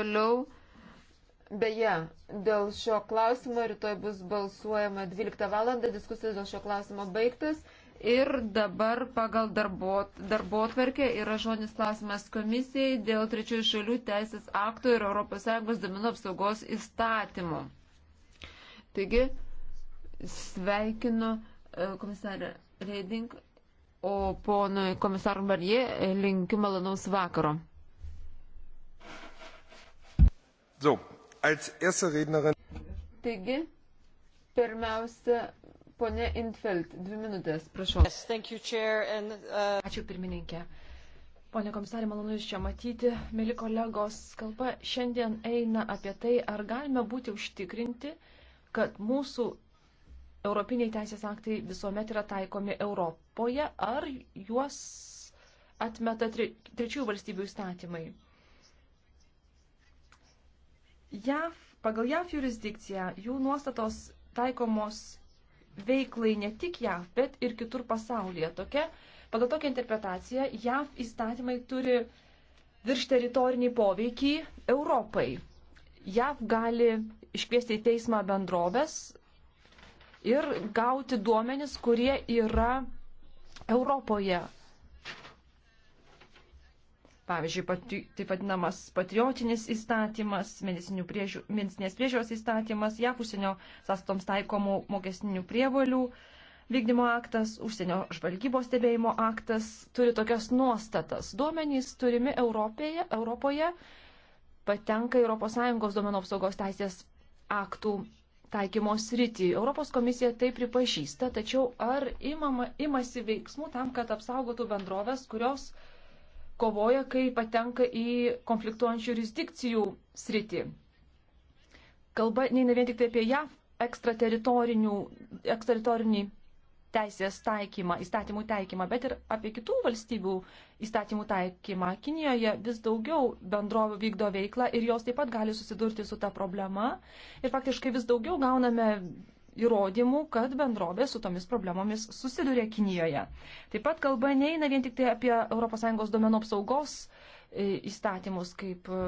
Toliau, beje, dėl šio klausimo rytoj bus balsuojama 12 val. diskusijos dėl šio klausimo baigtas. Ir dabar pagal darbo atverkę yra žodis klausimas komisijai dėl trečiųjų šalių teisės aktų ir ES domino apsaugos įstatymų. Taigi, sveikinu e, komisarę Reding, o ponui komisarų Barje linkiu malonaus vakaro. So, als erste Rednerin. Taigi, pirmiausia, ponė Infeld, dvi minutės, prašau. Yes, thank you, chair, and, uh... Ačiū pirmininkė. Pone komisarė, malonu Jūs čia matyti. Mili kolegos, kalba šiandien eina apie tai, ar galime būti užtikrinti, kad mūsų europiniai teisės aktai visuomet yra taikomi Europoje, ar juos atmeta tre, trečiųjų valstybių įstatymai. JAV, pagal JAV jurisdikciją jų nuostatos taikomos veiklai ne tik JAV, bet ir kitur pasaulyje. Tokia, pagal tokią interpretaciją JAV įstatymai turi virš teritorinį poveikį Europai. JAV gali iškviesti į teismą bendrovės ir gauti duomenis, kurie yra Europoje Pavyzdžiui, pati, taip vadinamas patriotinis įstatymas, priežių, medicinės priežiūros įstatymas, JAV užsienio sąstoms taikomų mokestinių prievolių vykdymo aktas, užsienio žvalgybos stebėjimo aktas turi tokias nuostatas. Duomenys turimi Europėje, Europoje patenka ES duomenų apsaugos teisės aktų taikymos rytį. Europos komisija tai pripažįsta, tačiau ar imama, imasi veiksmų tam, kad apsaugotų bendrovės, kurios kovoja, kai patenka į konfliktuojančių jurisdikcijų sritį. Kalba neina vien tik tai apie JAV ekstrateritorinį teisės taikymą, įstatymų taikymą, bet ir apie kitų valstybių įstatymų taikymą. Kinijoje vis daugiau bendrovių vykdo veiklą ir jos taip pat gali susidurti su ta problema. Ir faktiškai vis daugiau gauname įrodymų, kad bendrovė su tomis problemomis susiduria Kinijoje. Taip pat kalba neina vien tik tai apie ES duomenų apsaugos e, įstatymus, kaip e,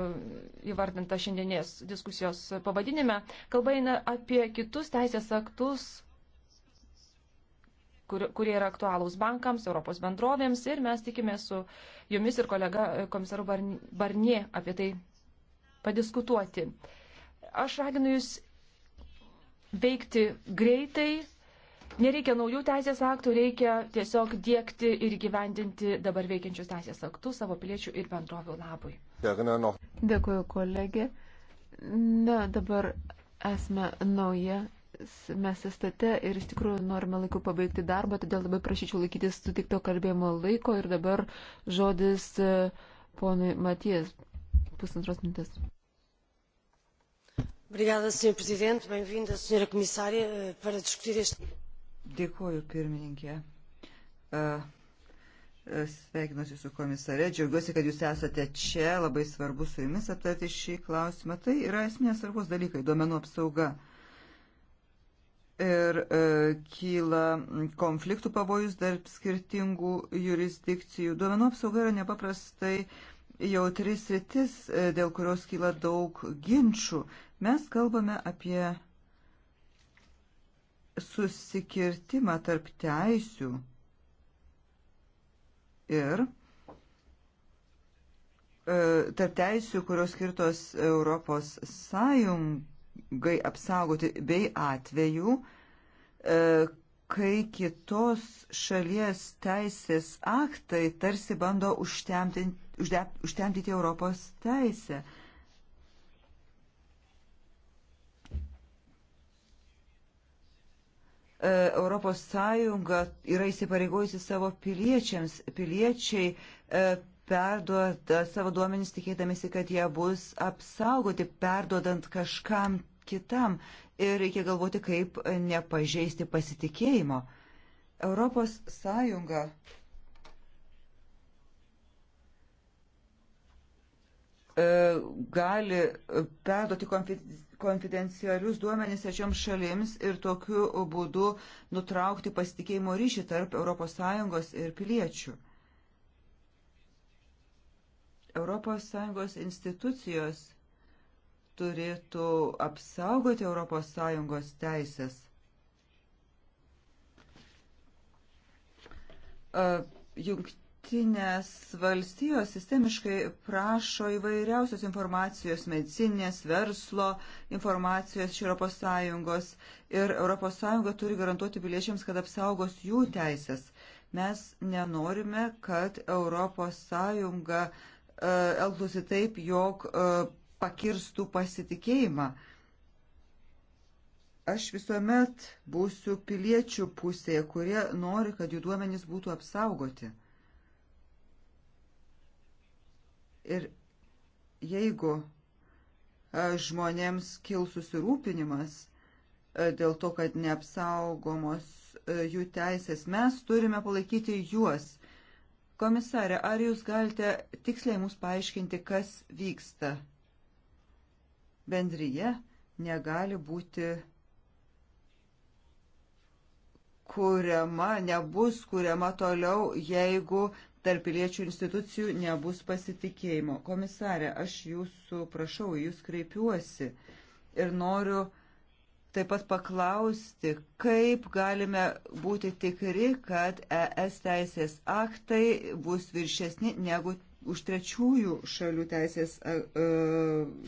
įvardinta šiandienės diskusijos pavadinime. Kalba eina apie kitus teisės aktus, kur, kurie yra aktualūs bankams, Europos bendrovėms ir mes tikime su jumis ir kolega e, komisaru Barnie apie tai padiskutuoti. Aš raginu jūs veikti greitai, nereikia naujų teisės aktų, reikia tiesiog dėkti ir gyvendinti dabar veikiančius teisės aktus savo piliečių ir bendrovių labui. Dėkuoju, kolegė. Na, dabar esame nauja mes estate ir iš tikrųjų norime laiku pabaigti darbą, todėl labai prašyčiau laikytis sutikto kalbėjimo laiko ir dabar žodis e, ponui Matijas pusantros mintis. Obrigada, Sr. Presidente. Bem-vinda, Sra. Comissária, eh, para discutir este. Dėkuoju, pirmininkė. Eh, eh, sveikinuosi su komisare. Džiaugiuosi, kad jūs esate čia. Labai svarbu su jumis aptarti šį klausimą. Tai yra esminės svarbus dalykai - duomenų apsauga. Ir e, kyla konfliktų pavojus tarp skirtingų jurisdikcijų. Duomenų apsauga yra nepaprastai jautris rytis, e, dėl kurios kyla daug ginčių. Mes kalbame apie susikirtimą tarp teisių ir e, tarp teisių, kurios skirtos Europos Sąjungai apsaugoti, bei atvejų, e, kai kitos šalies teisės aktai tarsi bando užtemdyti Europos teisę. E, Europos Sąjunga yra įsipareigojusi savo piliečiams. Piliečiai e, perduoda savo duomenys tikėdamėsi, kad jie bus apsaugoti, perduodant kažkam kitam ir reikia galvoti, kaip nepažeisti pasitikėjimo. Europos Sąjunga e, gali perduoti konfidencialius duomenys trečioms šalims ir tokiu būdu nutraukti pasitikėjimo ryšį tarp ES ir piliečių. ES institucijos turėtų apsaugoti ES teisės. Jungtinės valstijos sistemiškai prašo įvairiausios informacijos, medicinės, verslo informacijos iš ES ir ES turi garantuoti piliečiams, kad apsaugos jų teisės. Mes nenorime, kad ES elgtųsi taip, jog pakirstų pasitikėjimą. Aš visuomet būsiu piliečių pusėje, kurie nori, kad jų duomenys būtų apsaugoti. Ir jeigu e, žmonėms kil susirūpinimas e, dėl to, kad neapsaugomos e, jų teisės, mes turime palaikyti juos. Komisarė, ar jūs galite tiksliai mums paaiškinti, kas vyksta? bendryje negali būti kuriama, nebus kuriama toliau, jeigu tarp piliečių institucijų nebus pasitikėjimo. Komisarė, aš jūsų prašau, jūs kreipiuosi ir noriu taip pat paklausti, kaip galime būti tikri, kad ES teisės aktai bus viršesni negu už trečiųjų šalių teisės, e,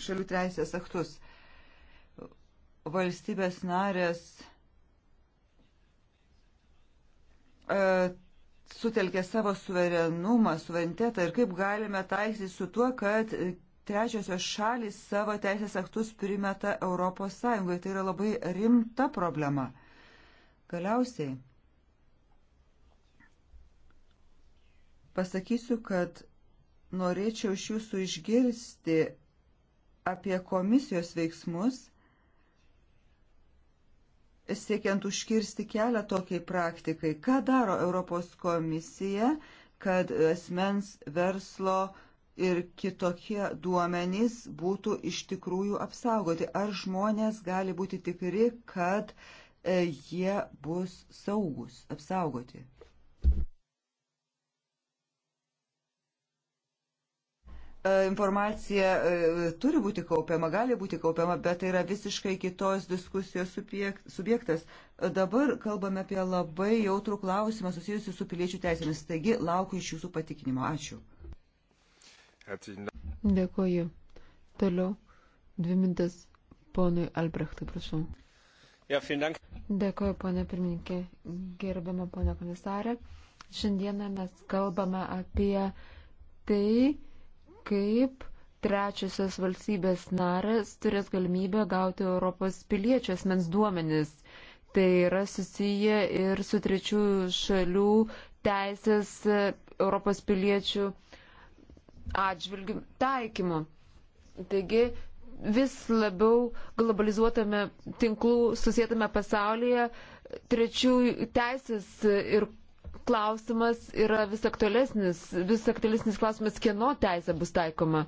šalių teisės aktus. Valstybės narės e, sutelkė savo suverenumą, suverenitetą ir kaip galime taikyti su tuo, kad trečiosios šalis savo teisės aktus primeta Europos Sąjungoje. Tai yra labai rimta problema. Galiausiai pasakysiu, kad norėčiau iš jūsų išgirsti apie komisijos veiksmus, siekiant užkirsti kelią tokiai praktikai. Ką daro Europos komisija, kad asmens verslo ir kitokie duomenys būtų iš tikrųjų apsaugoti? Ar žmonės gali būti tikri, kad e, jie bus saugus, apsaugoti? E, informacija e, turi būti kaupiama, gali būti kaupiama, bet tai yra visiškai kitos diskusijos subjektas. E, dabar kalbame apie labai jautrų klausimą susijusiu su piliečių teisėmis. Taigi laukiu iš jūsų patikinimo. Ačiū. Dėkuoju. Toliau dvi mintas ponui Albrechtui, prašau. Ja, Dėkuoju, ponė pirmininkė, gerbiama ponė komisarė. Šiandieną mes kalbame apie tai, kaip trečiosios valstybės narės turės galimybę gauti Europos piliečių asmens duomenis. Tai yra susiję ir su trečiųjų šalių teisės Europos piliečių atžvilgių taikymu. Taigi vis labiau globalizuotame tinklų susėtame pasaulyje trečiųjų teisės ir klausimas yra vis aktualesnis, vis aktualesnis klausimas, kieno teisė bus taikoma.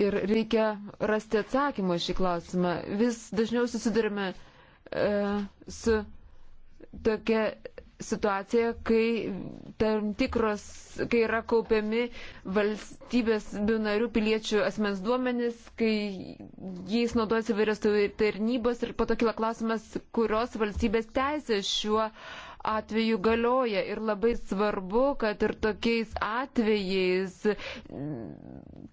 Ir reikia rasti atsakymą šį klausimą. Vis dažniau susidurime e, su tokia situacija, kai tam tikros, kai yra kaupiami valstybės binarių piliečių asmens duomenys, kai jais naudojasi vairios tarnybos ir po to kila klausimas, kurios valstybės teisė šiuo uh, atveju galioja ir labai svarbu, kad ir tokiais atvejais,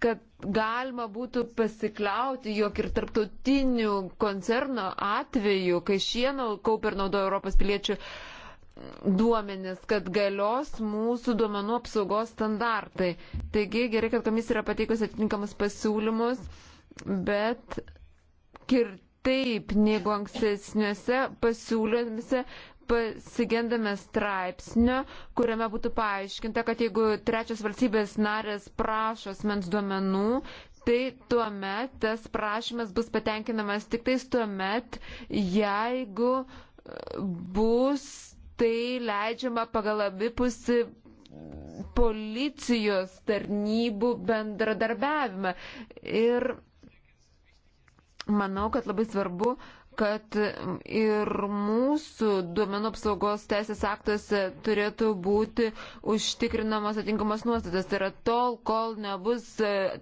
kad galima būtų pasikliauti, jog ir tarptautinių koncerno atveju, kai šieno kaupia ir naudoja Europos piliečių duomenis, kad galios mūsų duomenų apsaugos standartai. Taigi gerai, kad komisija yra pateikusi atitinkamus pasiūlymus, bet ir taip, negu ankstesniuose pasiūlymuose pasigendame straipsnio, kuriame būtų paaiškinta, kad jeigu trečios valstybės narės prašo asmens duomenų, tai tuo met tas prašymas bus patenkinamas tik tais tuo met, jeigu e, bus tai leidžiama pagal abipusi policijos tarnybų bendradarbiavimą. Ir manau, kad labai svarbu uh, kad ir mūsų duomenų apsaugos teisės aktuose turėtų būti užtikrinamas atinkamas nuostatas. Tai yra tol, kol nebus e,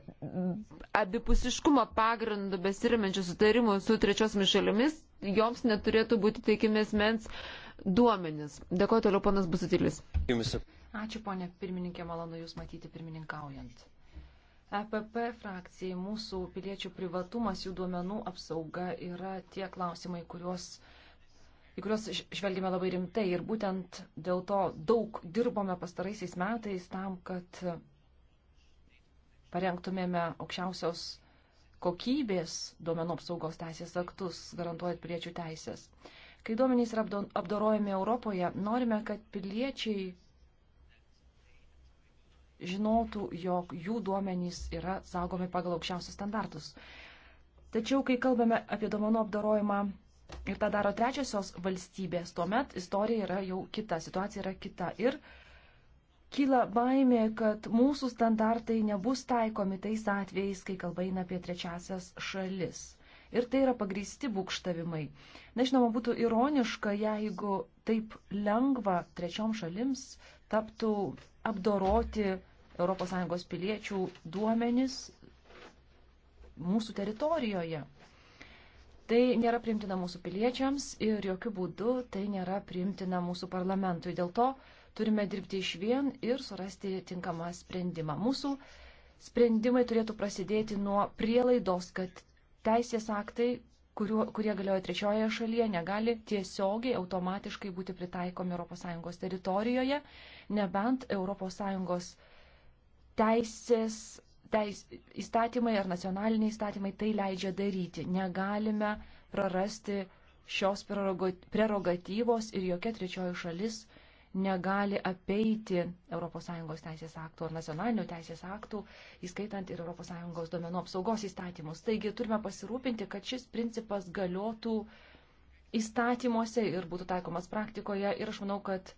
abipusiškumo pagrindų besirimenčių sutarimų su trečiosiomis šalimis, joms neturėtų būti teikimės mens duomenis. Dėkuoju toliau, ponas Busutilis. Ačiū, ponė pirmininkė, malonu Jūs matyti pirmininkaujant. EPP frakcijai mūsų piliečių privatumas, jų duomenų apsauga yra tie klausimai, kuriuos, į kuriuos žvelgime labai rimtai. Ir būtent dėl to daug dirbome pastaraisiais metais tam, kad parengtumėme aukščiausios kokybės duomenų apsaugos teisės aktus, garantuojant piliečių teisės. Kai duomenys yra apdorojami Europoje, norime, kad piliečiai žinotų, jog jų duomenys yra saugomi pagal aukščiausius standartus. Tačiau, kai kalbame apie duomenų apdarojimą ir tą daro trečiosios valstybės, tuomet istorija yra jau kita, situacija yra kita. Ir kyla baimė, kad mūsų standartai nebus taikomi tais atvejais, kai kalba eina apie trečiasias šalis. Ir tai yra pagrysti būkštavimai. Na, žinoma, būtų ironiška, jeigu taip lengva trečiom šalims taptų apdoroti ES piliečių duomenis mūsų teritorijoje. Tai nėra primtina mūsų piliečiams ir jokių būdų tai nėra primtina mūsų parlamentui. Dėl to turime dirbti iš vien ir surasti tinkamą sprendimą. Mūsų sprendimai turėtų prasidėti nuo prielaidos, kad Teisės aktai, kuriuo, kurie galioja trečiojoje šalyje, negali tiesiogiai automatiškai būti pritaikomi ES teritorijoje, nebent ES teisės teis, įstatymai ar nacionaliniai įstatymai tai leidžia daryti. Negalime prarasti šios prerogatyvos ir jokia trečioji šalis negali apeiti ES teisės aktų ar nacionalinių teisės aktų, įskaitant ir ES duomenų apsaugos įstatymus. Taigi turime pasirūpinti, kad šis principas galiotų įstatymuose ir būtų taikomas praktikoje. Ir aš manau, kad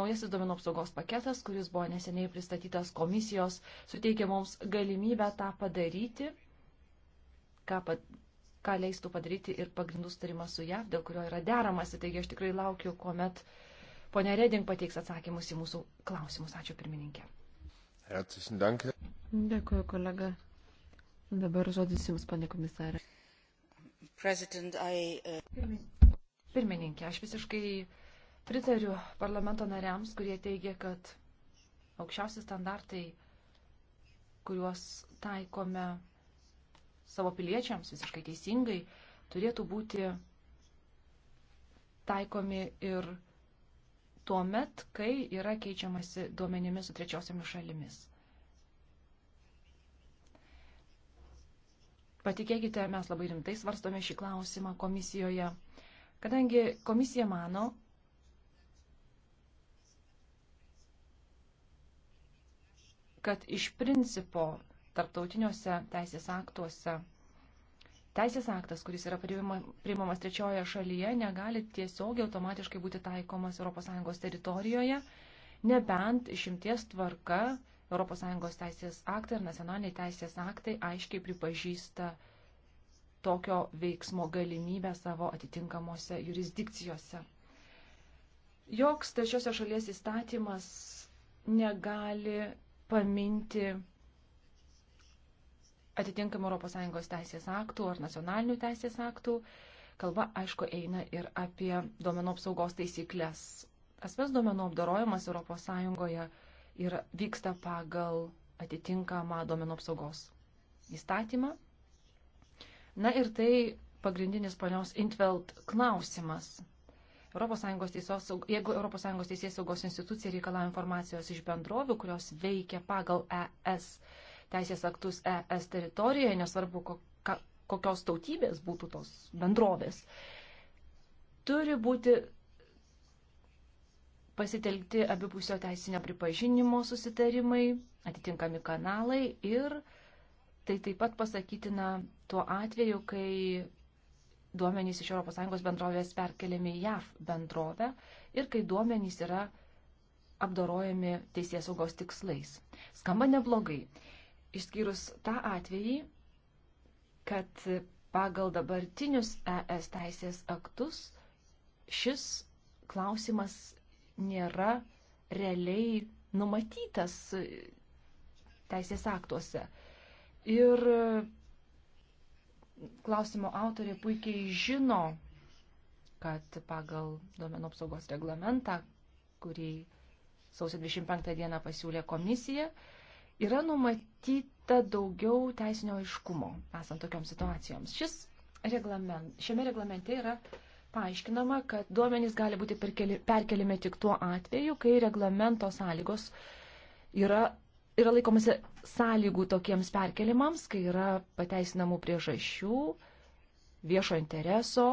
naujasis duomenų apsaugos paketas, kuris buvo neseniai pristatytas komisijos, suteikia mums galimybę tą padaryti, ką, pat, ką leistų padaryti ir pagrindų starimas su JAV, dėl kurio yra deramasi. Taigi aš tikrai laukiu, kuomet uh, Pone Reding pateiks atsakymus į mūsų klausimus. Ačiū pirmininkė. Dėkuoju, kolega. Dabar žodis Jums, pane komisarė. Uh, pirmininkė, aš visiškai pritariu parlamento nariams, kurie teigia, kad aukščiausi standartai, kuriuos taikome savo piliečiams visiškai teisingai, turėtų būti taikomi ir tuo met, kai yra keičiamasi duomenimis su trečiosiamis šalimis. Patikėkite, mes labai rimtai svarstome šį klausimą komisijoje, kadangi komisija mano, kad iš principo tarptautiniuose teisės aktuose Teisės aktas, kuris yra priimamas trečiojoje šalyje, negali tiesiogiai automatiškai būti taikomas ES teritorijoje, nebent išimties tvarka ES teisės aktai ir nacionaliniai teisės aktai aiškiai pripažįsta tokio veiksmo galimybę savo atitinkamuose jurisdikcijose. Joks trečiosios šalies įstatymas negali paminti atitinkamų ES teisės aktų ar nacionalinių teisės aktų. Kalba, aišku, eina ir apie duomenų apsaugos taisyklės. Asmens duomenų apdarojimas ES ir vyksta pagal atitinkamą duomenų apsaugos įstatymą. Na ir tai pagrindinis ponios Intveld klausimas. ES teisos, jeigu ES teisės saugos institucija reikalauja informacijos iš bendrovių, kurios veikia pagal ES teisės aktus ES teritorijoje, nesvarbu kokios tautybės būtų tos bendrovės. Turi būti pasitelkti abipusio teisinio pripažinimo susitarimai, atitinkami kanalai ir tai taip pat pasakytina tuo atveju, kai duomenys iš ES bendrovės perkeliami į JAF bendrovę ir kai duomenys yra apdorojami teisės saugos tikslais. Skamba neblogai išskyrus tą atvejį, kad pagal dabartinius ES teisės aktus šis klausimas nėra realiai numatytas teisės aktuose. Ir klausimo autorė puikiai žino, kad pagal duomenų apsaugos reglamentą, kurį sausio 25 dieną pasiūlė komisija, yra numatyta daugiau teisinio aiškumo, esant tokioms situacijoms. Šis reglament, šiame reglamente yra paaiškinama, kad duomenys gali būti perkeli, perkelime tik tuo atveju, kai reglamento sąlygos yra, yra laikomasi sąlygų tokiems perkelimams, kai yra pateisinamų priežasčių, viešo intereso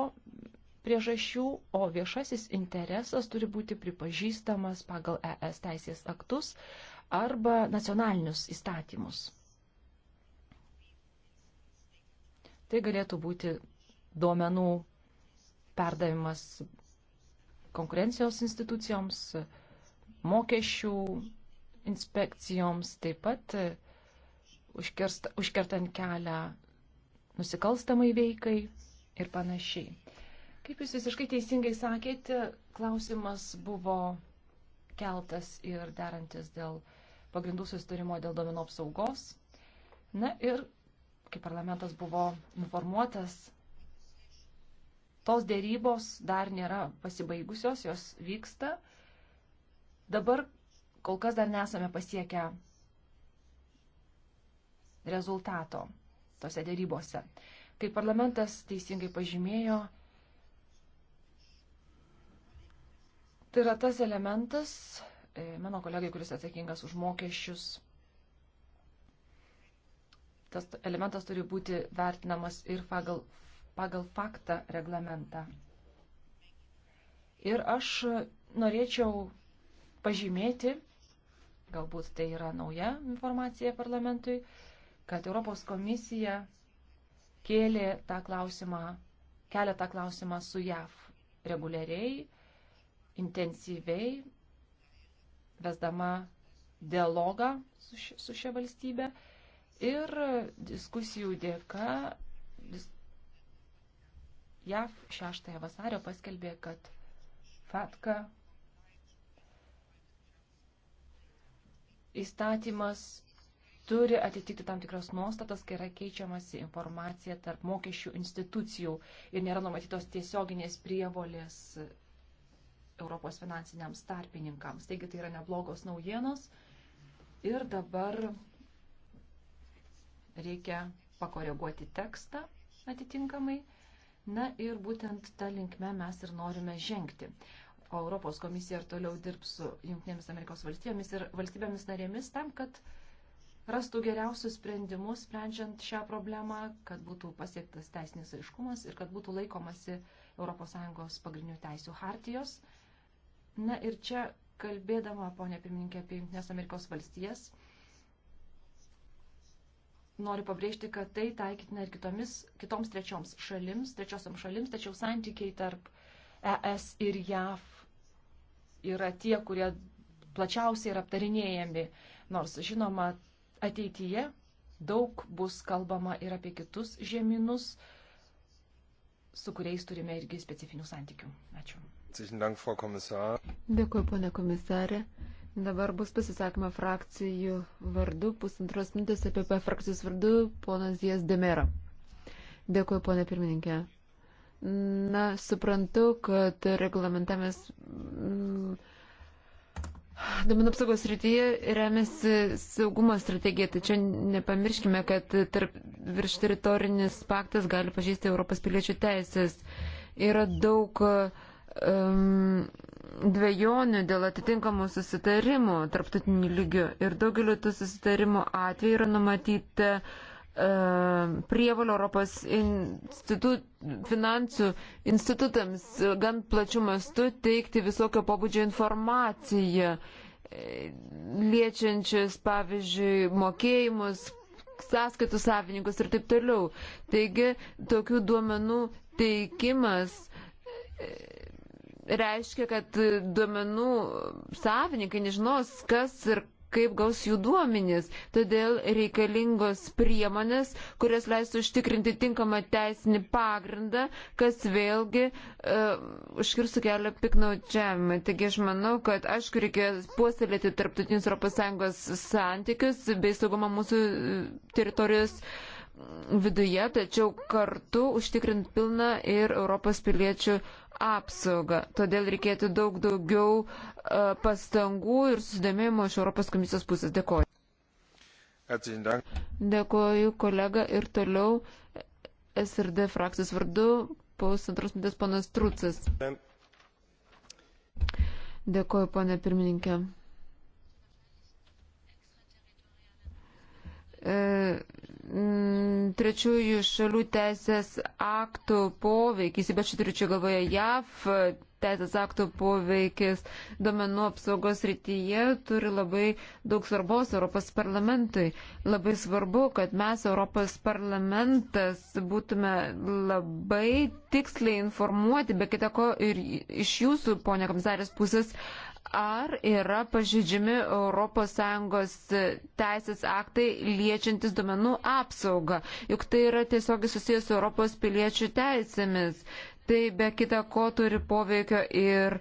priežasčių, o viešasis interesas turi būti pripažįstamas pagal ES teisės aktus arba nacionalinius įstatymus. Tai galėtų būti duomenų perdavimas konkurencijos institucijoms, mokesčių inspekcijoms, taip pat e, užkerst, užkertant kelią nusikalstamai veikai ir panašiai. Kaip jūs visiškai teisingai sakėte, klausimas buvo keltas ir derantis dėl pagrindų susitarimo dėl domino apsaugos. Na ir kai parlamentas buvo informuotas, tos dėrybos dar nėra pasibaigusios, jos vyksta. Dabar kol kas dar nesame pasiekę rezultato tose dėrybose. Kaip parlamentas teisingai pažymėjo, tai yra tas elementas, E, mano kolegai, kuris atsakingas už mokesčius. Tas elementas turi būti vertinamas ir pagal, pagal faktą reglamentą. Ir aš norėčiau pažymėti, galbūt tai yra nauja informacija parlamentui, kad Europos komisija kėlė tą klausimą, kelia tą klausimą su JAV reguliariai, intensyviai vesdama dialogą su, ši, su šia valstybė ir diskusijų dėka dis, JAV 6 vasario paskelbė, kad FATKA įstatymas turi atitikti tam tikras nuostatas, kai yra keičiamasi informacija tarp mokesčių institucijų ir nėra numatytos tiesioginės prievolės Europos finansiniams tarpininkams. Taigi tai yra neblogos naujienos ir dabar reikia pakoreguoti tekstą atitinkamai. Na ir būtent tą linkmę mes ir norime žengti. O Europos komisija ir toliau dirbs su Junktinėmis Amerikos valstybėmis ir valstybėmis narėmis tam, kad rastų geriausius sprendimus, sprendžiant šią problemą, kad būtų pasiektas teisinis aiškumas ir kad būtų laikomasi ES pagrindinių teisių hartijos. Na ir čia kalbėdama, ponė pirmininkė, apie Junktinės Amerikos valstijas, noriu pabrėžti, kad tai taikytina ir kitomis, kitoms trečioms šalims, trečiosiam šalims, tačiau santykiai tarp ES ir JAV yra tie, kurie plačiausiai yra aptarinėjami, nors žinoma, ateityje daug bus kalbama ir apie kitus žemynus, su kuriais turime irgi specifinių santykių. Ačiū. Dėkui, ponė komisarė. Dabar bus pasisakoma frakcijų vardu, pusantros minutės apie P frakcijos vardu, ponas Jas Demera. Dėkui, ponė pirmininkė. Na, suprantu, kad reglamentavimas mm, Duomenų apsaugos rytyje remiasi saugumo strategija, tačiau nepamirškime, kad tarp virš teritorinis paktas gali pažįsti Europos piliečių teisės. Yra daug uh, um, dviejonių dėl atitinkamų susitarimų tarptautinių lygių ir daugeliu tų susitarimų atveju yra numatyta um, prievalio Europos institu, finansų institutams gan plačių mastų teikti visokio pobūdžio informaciją e, liečiančius, pavyzdžiui, mokėjimus, sąskaitų savininkus ir taip toliau. Taigi, tokių duomenų teikimas e, reiškia, kad duomenų savininkai nežinos, kas ir kaip gaus jų duomenys. Todėl reikalingos priemonės, kurias leistų užtikrinti tinkamą teisinį pagrindą, kas vėlgi uh, užkirstų kelią piknaudžiavimą. Taigi aš manau, kad aišku, reikia puoselėti tarptautinius ES santykius bei saugumą mūsų teritorijos uh, viduje, tačiau kartu užtikrint pilną ir Europos piliečių apsaugą. Todėl reikėtų daug daugiau e, pastangų ir susidomėjimo iš Europos komisijos pusės. Dėkoju. Dėkoju kolega ir toliau SRD frakcijos vardu pusantros minutės panas Trucas. Dėkoju, ponė pirmininkė. E, Mm, trečiųjų šalių teisės aktų poveikis, ypač turiu galvoje JAV teisės aktų poveikis domenų apsaugos rytyje turi labai daug svarbos Europos parlamentui. Labai svarbu, kad mes Europos parlamentas būtume labai tiksliai informuoti, be kitako ir iš jūsų, ponė komisarės, pusės ar yra pažydžiami ES teisės aktai liečiantis duomenų apsaugą, juk tai yra tiesiog susijęs su Europos piliečių teisėmis. Tai be kita ko turi poveikio ir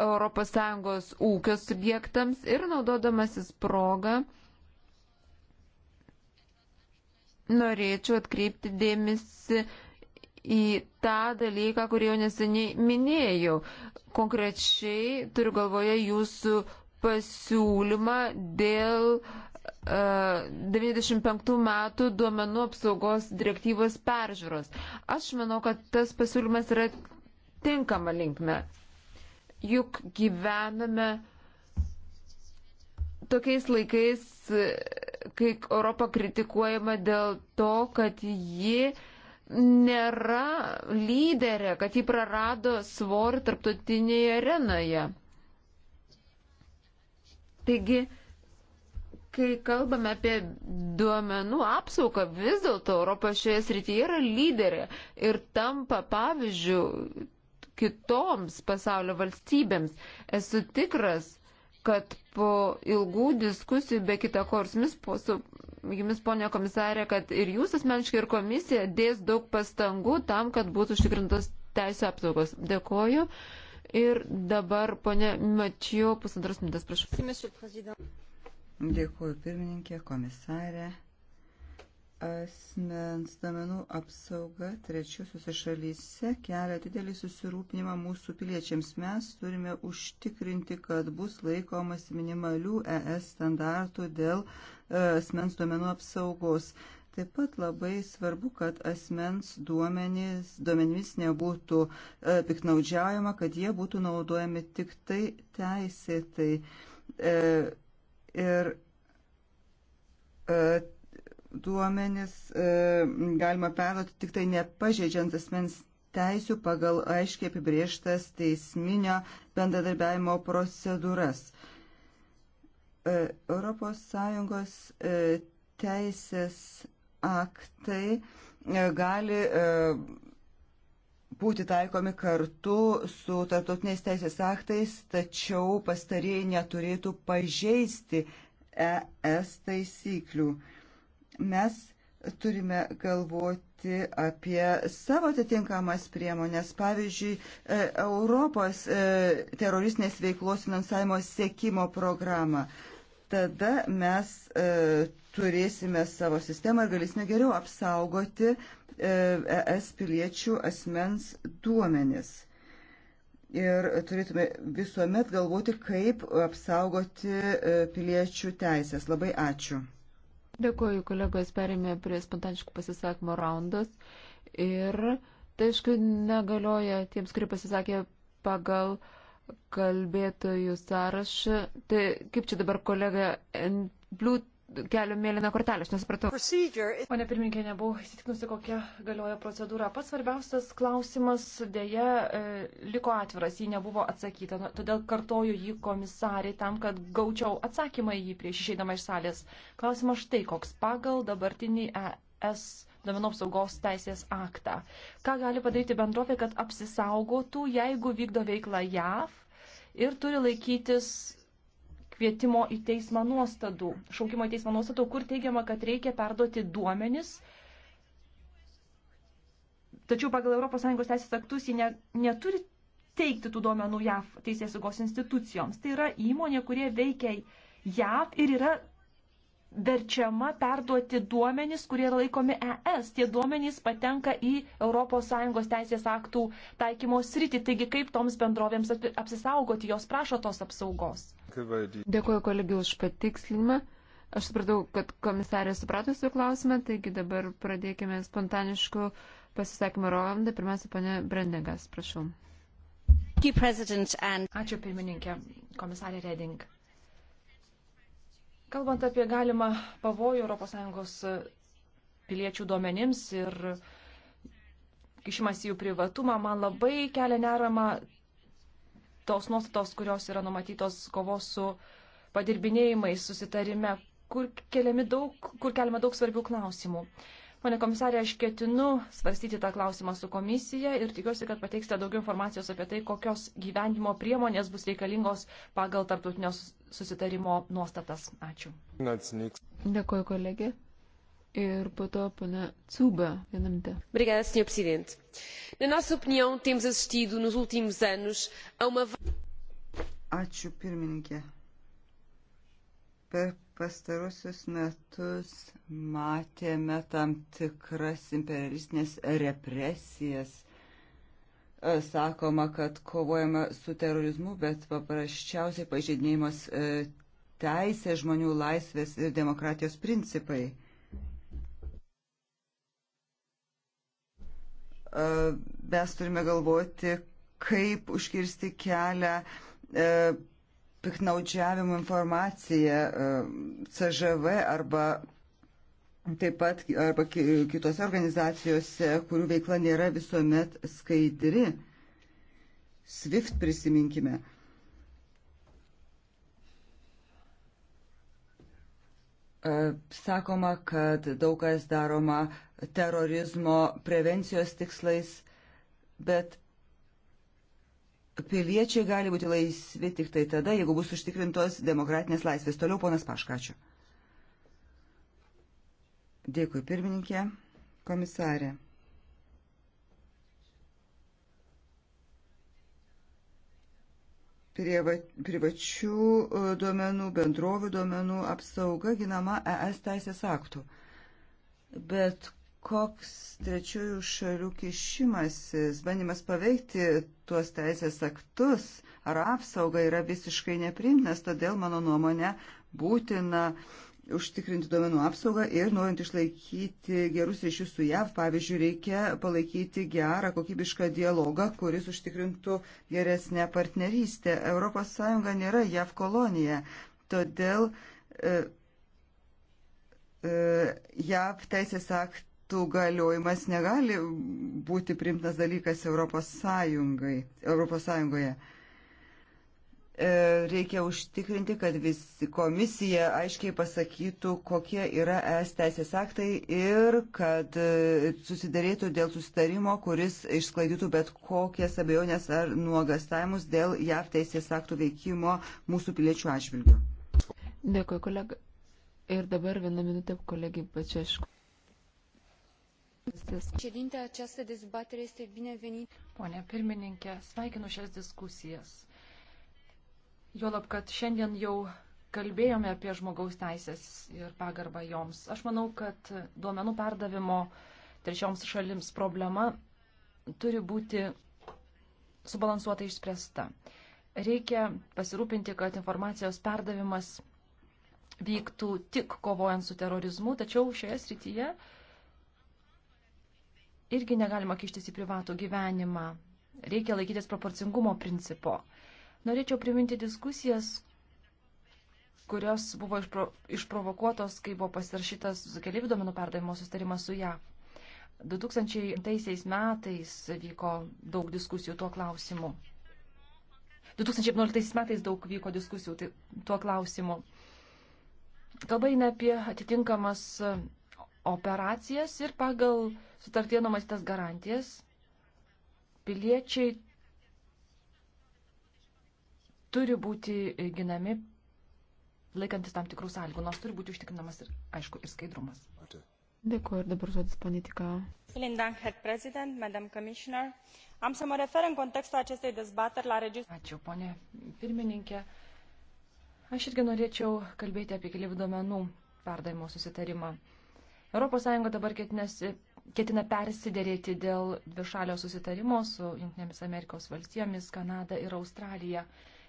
ES ūkio subjektams ir naudodamasis progą. Norėčiau atkreipti dėmesį į tą dalyką, kurį jau neseniai minėjau. Konkrečiai turiu galvoje jūsų pasiūlymą dėl uh, e, 95 metų duomenų apsaugos direktyvos peržiūros. Aš manau, kad tas pasiūlymas yra tinkama linkme. Juk gyvename tokiais laikais, kai Europa kritikuojama dėl to, kad ji uh, nėra lyderė, kad jį prarado svorį tarptautinėje arenoje. Taigi, kai kalbame apie duomenų apsaugą, vis dėlto Europa šioje srityje yra lyderė ir tampa pavyzdžių kitoms pasaulio valstybėms. Esu tikras, kad po ilgų diskusijų be kita ko ir su jumis, ponė komisarė, kad ir jūs asmeniškai, ir komisija dės daug pastangų tam, kad būtų užtikrintos teisų apsaugos. Dėkoju. Ir dabar, ponė Matijo, pusantros minutės, prašau. Dėkuoju, pirmininkė, komisarė asmens domenų apsauga trečiosiuose šalyse kelia didelį susirūpinimą mūsų piliečiams. Mes turime užtikrinti, kad bus laikomas minimalių ES standartų dėl e, asmens domenų apsaugos. Taip pat labai svarbu, kad asmens duomenys, duomenimis nebūtų e, piknaudžiaujama, kad jie būtų naudojami tik tai teisėtai. E, ir e, duomenis e, galima perduoti tik tai nepažeidžiant asmens teisių pagal aiškiai apibrieštas teisminio bendradarbiavimo procedūras. ES e, teisės aktai e, gali būti taikomi kartu su tarptautiniais teisės aktais, tačiau pastarieji neturėtų pažeisti ES taisyklių. Mes turime galvoti apie savo atitinkamas priemonės, pavyzdžiui, e, Europos e, teroristinės veiklos finansavimo sėkimo programą. Tada mes e, turėsime savo sistemą ir galėsime geriau apsaugoti ES piliečių asmens duomenis. Ir turėtume visuomet galvoti, kaip apsaugoti piliečių teisės. Labai ačiū. Dėkuoju, kolegos, perėmė prie spontaniškų pasisakymo raundos ir tai, aišku, negalioja tiems, kurie pasisakė pagal kalbėtojų sąrašą. Tai kaip čia dabar kolega Blue keliu mėlyną kortelę, aš nesupratau. Pone pirmininkė, nebuvau įsitikinusi, kokia galioja procedūra. Pats svarbiausias klausimas dėja e, liko atviras, jį nebuvo atsakyta. Na, todėl kartoju jį komisariai tam, kad gaučiau atsakymą į jį prieš išeidama iš salės. Klausimas štai koks. Pagal dabartinį ES duomenų apsaugos teisės aktą. Ką gali padaryti bendrovė, kad apsisaugotų, jeigu vykdo veiklą JAV ir turi laikytis kvietimo į teismą nuostadų, šaukimo į teismą nuostadų, kur teigiama, kad reikia perduoti duomenis. Tačiau pagal ES teisės aktus jie ne, neturi teikti tų duomenų JAV teisės saugos institucijoms. Tai yra įmonė, kurie veikia JAV ir yra verčiama perduoti duomenys, kurie yra laikomi ES. Tie duomenys patenka į ES teisės aktų taikymo sritį. Taigi kaip toms bendrovėms apsisaugoti, jos prašo tos apsaugos. Dėkuoju kolegiu už patikslinimą. Aš supratau, kad komisarė suprato jūsų klausimą, taigi dabar pradėkime spontaniškų pasisakymą Rolandą. Pirmiausia, ponė Brendegas, prašau. Ačiū pirmininkė, komisarė Reding. Kalbant apie galimą pavojų ES e, piliečių duomenims ir kišimas į jų privatumą, man labai kelia nerama tos nuostatos, kurios yra numatytos kovos su padirbinėjimais susitarime, kur, daug, kur keliame daug svarbių klausimų. Uh, Pone komisarė, aš ketinu svarstyti tą klausimą su komisija ir tikiuosi, kad pateiksite daugiau informacijos apie tai, kokios gyvenimo priemonės bus reikalingos pagal tarptautinio susitarimo nuostatas. Ačiū. Dėkuoju, kolegė. Ir po to pana Cuba, vieną minutę. Obrigada, senhor presidente. Na nossa opinião, temos assistido nos últimos anos a uma. Ačiū, pirmininkė. Per pastarusius metus matėme tam tikras imperialistinės represijas. E, sakoma, kad kovojama su terorizmu, bet paprasčiausiai pažydinėjimas e, teisė žmonių laisvės ir demokratijos principai. E, mes turime galvoti, kaip užkirsti kelią piknaudžiavimo informacija e, CŽV arba taip pat arba kitose organizacijose, kurių veikla nėra visuomet skaidri. SWIFT prisiminkime. E, sakoma, kad daug kas daroma terorizmo prevencijos tikslais, bet piliečiai gali būti laisvi tik tai tada, jeigu bus užtikrintos demokratinės laisvės. Toliau ponas Paškačiu. Dėkui pirmininkė, komisarė. Privačių e, duomenų, bendrovių duomenų apsauga ginama ES teisės aktų. Bet koks trečiųjų šalių kišimasis, bandymas paveikti tuos teisės aktus ar apsaugą yra visiškai neprimtinas, todėl mano nuomonė būtina užtikrinti duomenų apsaugą ir norint išlaikyti gerus ryšius su JAV, pavyzdžiui, reikia palaikyti gerą kokybišką dialogą, kuris užtikrintų geresnę partnerystę. ES nėra JAV kolonija, todėl e, e, JAV teisės aktai aktų galiojimas negali būti primtas dalykas Europos, Sąjungai, Europos Sąjungoje. E, reikia užtikrinti, kad visi komisija aiškiai pasakytų, kokie yra es teisės aktai ir kad e, susidarėtų dėl susitarimo, kuris išsklaidytų bet kokias abejonės ar nuogastavimus dėl JAV teisės aktų veikimo mūsų piliečių atžvilgių. Dėkui, kolega. Ir dabar vieną minutę kolegai pačiašku. Această dezbatere este binevenită. Pone pirmininkė, sveikinu šias diskusijas. Juolab, kad šiandien jau kalbėjome apie žmogaus teisės ir pagarbą joms. Aš manau, kad duomenų perdavimo trečioms šalims problema turi būti subalansuotai išspręsta. Reikia pasirūpinti, kad informacijos perdavimas vyktų tik kovojant su terorizmu, tačiau šioje srityje uh, irgi negalima kištis į privatų gyvenimą. Reikia laikytis proporcingumo principo. Norėčiau priminti diskusijas, kurios buvo išpro, išprovokuotos, kai buvo pasirašytas keliaivių duomenų perdavimo sustarimas su JAV. 2000 metais vyko daug diskusijų tuo klausimu. 2011 metais daug vyko diskusijų tai, tuo klausimu. Kalba eina apie atitinkamas operacijas ir pagal sutartie numatytas garantijas piliečiai turi būti ginami laikantis tam tikrų sąlygų, nors turi būti užtikrinamas ir, aišku, ir skaidrumas. Dėkuoju ir dabar žodis panitiką. Am să mă refer în contextul acestei dezbateri la registrul. Ačiū, ponė pirmininkė. Aš irgi norėčiau kalbėti apie keliaivių duomenų perdavimo susitarimą. ES dabar ketinasi, ketina persidėrėti dėl dvišalio susitarimo su Junktinėmis Amerikos valstijomis, Kanada ir Australija.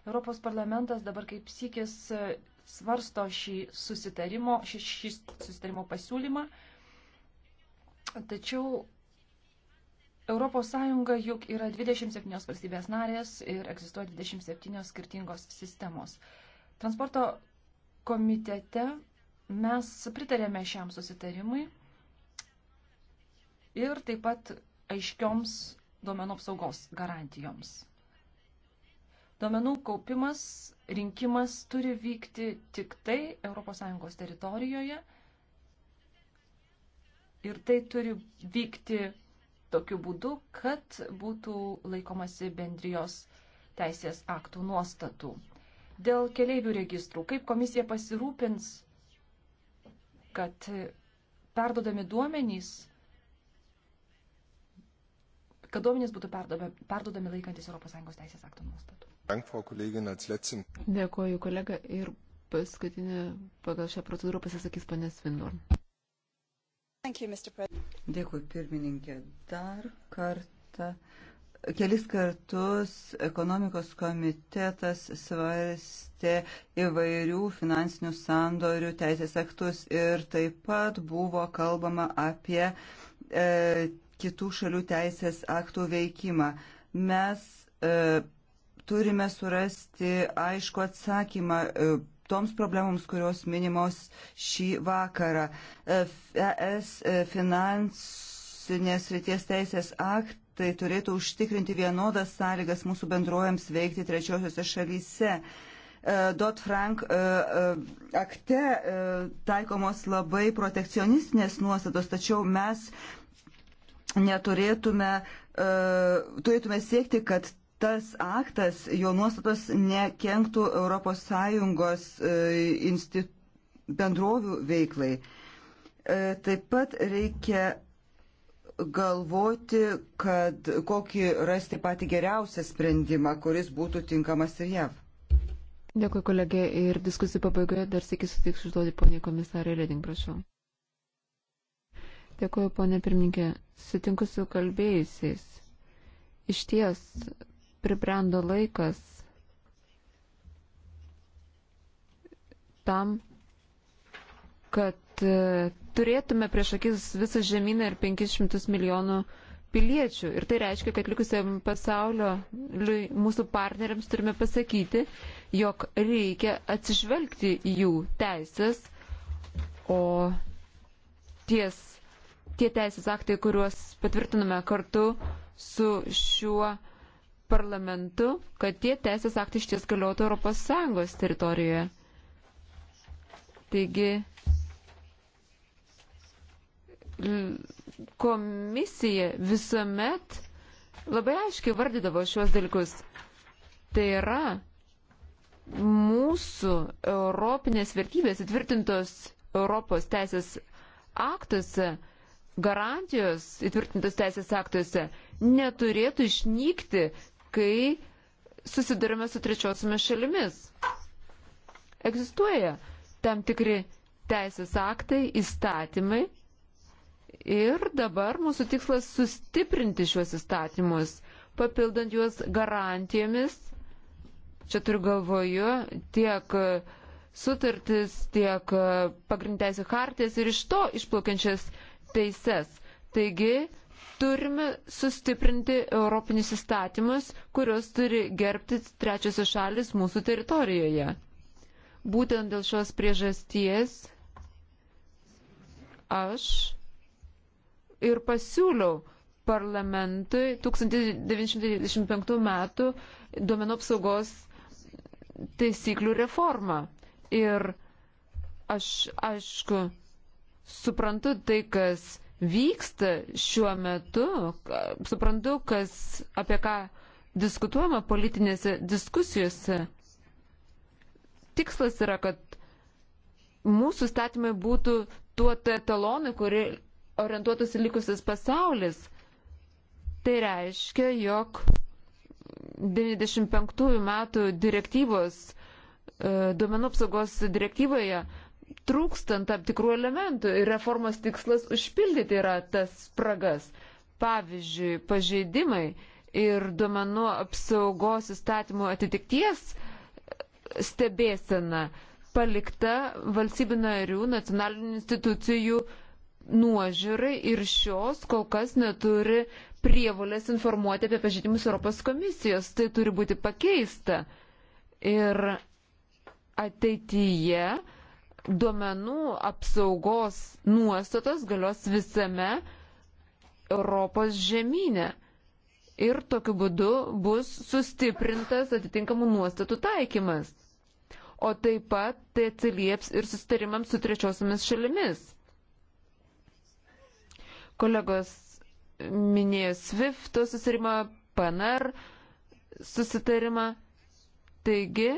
Europos parlamentas dabar kaip sykis e, svarsto šį susitarimo, šį, šį susitarimo pasiūlymą. Tačiau ES juk yra 27 valstybės narės ir egzistuoja 27 skirtingos sistemos. Transporto komitete Mes pritarėme šiam susitarimui ir taip pat aiškioms duomenų apsaugos garantijoms. Duomenų kaupimas, rinkimas turi vykti tik tai ES teritorijoje ir tai turi vykti tokiu būdu, kad būtų laikomasi bendrijos teisės aktų nuostatų. Dėl keliaivių registrų, kaip komisija pasirūpins kad perdodami duomenys, kad duomenys būtų perdodami, perdodami laikantis ES teisės akto nuostatų. Dėkuoju, kolega. Ir paskutinė pagal šią procedūrą pasisakys ponė Svindorn. Dėkui, pirmininkė. Dar kartą Kelis kartus ekonomikos komitetas svarstė įvairių finansinių sandorių teisės aktus ir taip pat buvo kalbama apie e, kitų šalių teisės aktų veikimą. Mes e, turime surasti aišku atsakymą. E, toms problemams, kurios minimos šį vakarą. ES e, finansinės ryties teisės aktai tai turėtų užtikrinti vienodas sąlygas mūsų bendrojams veikti trečiosiuose šalyse. E, Dot Frank e, e, akte taikomos labai protekcionistinės nuostatos, tačiau mes neturėtume, turėtume siekti, kad tas aktas, jo nuostatos nekenktų ES institu, bendrovių veiklai. Taip pat reikia galvoti, kad kokį rasti patį geriausią sprendimą, kuris būtų tinkamas ir jav. Dėkui, kolegė. Ir diskusijų pabaigoje dar sėkiu sutiksiu žodį poniai komisarė Reding, prašau. Dėkuoju, ponė pirmininkė. Sutinku su kalbėjusiais. Iš ties, pribrendo laikas tam, kad turėtume prieš akis visą žemyną ir 500 milijonų piliečių. Ir tai reiškia, kad likusiam pasaulio mūsų partneriams turime pasakyti, jog reikia atsižvelgti jų teisės, o ties tie teisės aktai, kuriuos patvirtiname kartu su šiuo parlamentu, kad tie teisės aktai iš ties galiotų ES teritorijoje. Taigi komisija visuomet labai aiškiai vardydavo šiuos dalykus. Tai yra mūsų europinės vertybės įtvirtintos Europos teisės aktuose, garantijos įtvirtintos teisės aktuose neturėtų išnykti, kai susidurime su trečiosiomis šalimis. Egzistuoja tam tikri teisės aktai, įstatymai, Ir dabar mūsų tikslas sustiprinti šiuos įstatymus, papildant juos garantijomis. Čia turiu galvoju tiek sutartis, tiek pagrindėsių hartės ir iš to išplaukiančias teises. Taigi turime sustiprinti europinius įstatymus, kuriuos turi gerbti trečiosios šalis mūsų teritorijoje. Būtent dėl šios priežasties aš ir pasiūliau parlamentui 1995 metų duomenų apsaugos taisyklių reformą. Ir aš, aišku, suprantu tai, kas vyksta šiuo metu, suprantu, kas, apie ką diskutuojama politinėse diskusijose. Tikslas yra, kad mūsų statymai būtų tuo etalonu, kuri orientuotas į likusis pasaulis, tai reiškia, jog 95 metų direktyvos, e, duomenų apsaugos direktyvoje trūkstant tam tikrų elementų ir reformos tikslas užpildyti yra tas spragas. Pavyzdžiui, pažeidimai ir duomenų apsaugos įstatymų atitikties stebėsena palikta valstybių narių nacionalinių institucijų uh, nuožiūrai ir šios kol kas neturi prievolės informuoti apie pažeidimus Europos komisijos. Tai turi būti pakeista. Ir ateityje duomenų apsaugos nuostatos galios visame Europos žemynė. Ir tokiu būdu bus sustiprintas atitinkamų nuostatų taikymas. O taip pat tai atsilieps ir sustarimams su trečiosiomis šalimis. Kolegos minėjo SWIFT susitarimą, PNR susitarimą. Taigi,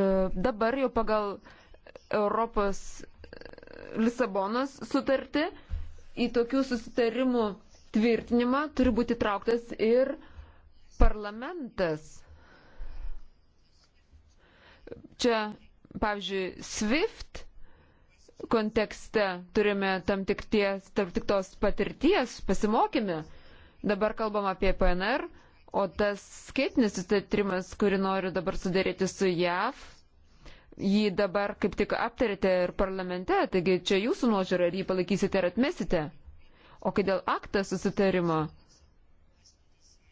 e, dabar jau pagal Europos e, Lisabonos sutartį į tokių susitarimų tvirtinimą turi būti trauktas ir parlamentas. Čia pavyzdžiui, SWIFT kontekste turime tam tik, ties, tam tik tos patirties, pasimokime. Dabar kalbam apie PNR, o tas skaitinis susitarimas, kurį noriu dabar sudaryti su JAV, jį dabar kaip tik aptarėte ir parlamente, taigi čia jūsų nuožiūra, ar jį palaikysite ar atmesite. O kai dėl aktą susitarimo,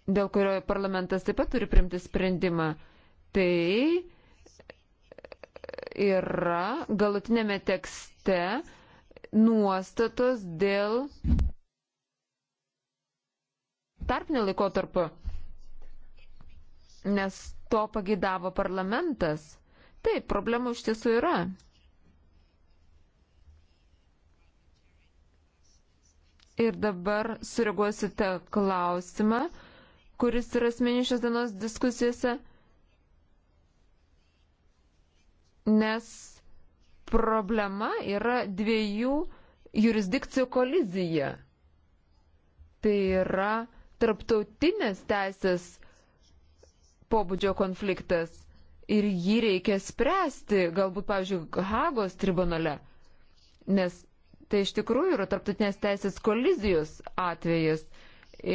dėl kurio parlamentas taip pat turi primti sprendimą, tai yra galutinėme tekste nuostatos dėl tarpinio laikotarpio, nes to pagydavo parlamentas. Taip, problemų iš tiesų yra. Ir dabar sureaguosite klausimą, kuris yra asmeniškas dienos diskusijose. nes problema yra dviejų jurisdikcijų kolizija. Tai yra tarptautinės teisės pobūdžio konfliktas ir jį reikia spręsti, galbūt, pavyzdžiui, Hagos tribunale, nes tai iš tikrųjų yra tarptautinės teisės kolizijos atvejas.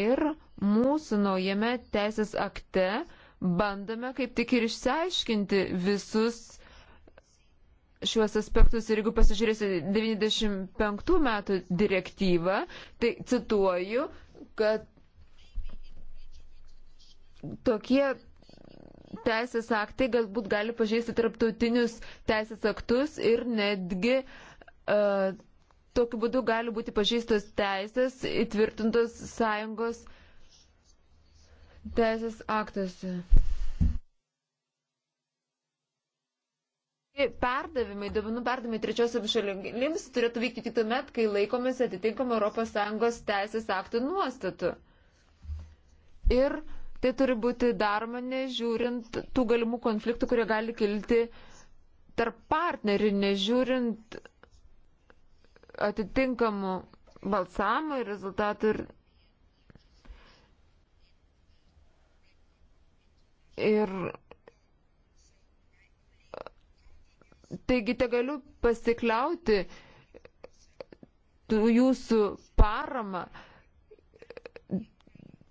Ir mūsų naujame teisės akte bandome kaip tik ir išsiaiškinti visus šiuos aspektus ir jeigu pasižiūrėsiu 95 metų direktyvą, tai cituoju, kad tokie teisės aktai galbūt gali pažeisti tarptautinius teisės aktus ir netgi uh, tokiu būdu gali būti pažeistos teisės įtvirtintos sąjungos teisės aktuose. perdavimai, duomenų perdavimai trečiosiams šalims turėtų vykti tik tuomet, kai laikomės atitinkamą ES teisės aktų nuostatų. Ir tai turi būti daroma nežiūrint tų galimų konfliktų, kurie gali kilti tarp partnerių, nežiūrint atitinkamų balsamų ir rezultatų. Ir Ir Taigi te galiu pasikliauti jūsų parama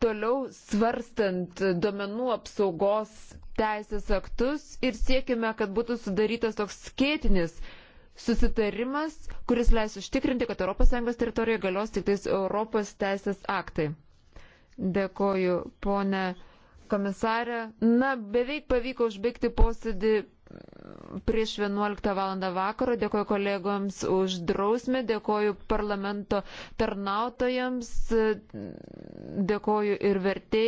toliau svarstant duomenų apsaugos teisės aktus ir siekime, kad būtų sudarytas toks skėtinis susitarimas, kuris leis užtikrinti, kad ES teritorijoje galios tik tais Europos teisės aktai. Dėkoju, ponė komisarė. Na, beveik pavyko užbaigti posėdį prieš 11 val. vakaro. Dėkoju kolegoms už drausmę, dėkoju parlamento tarnautojams, dėkoju ir vertėjams.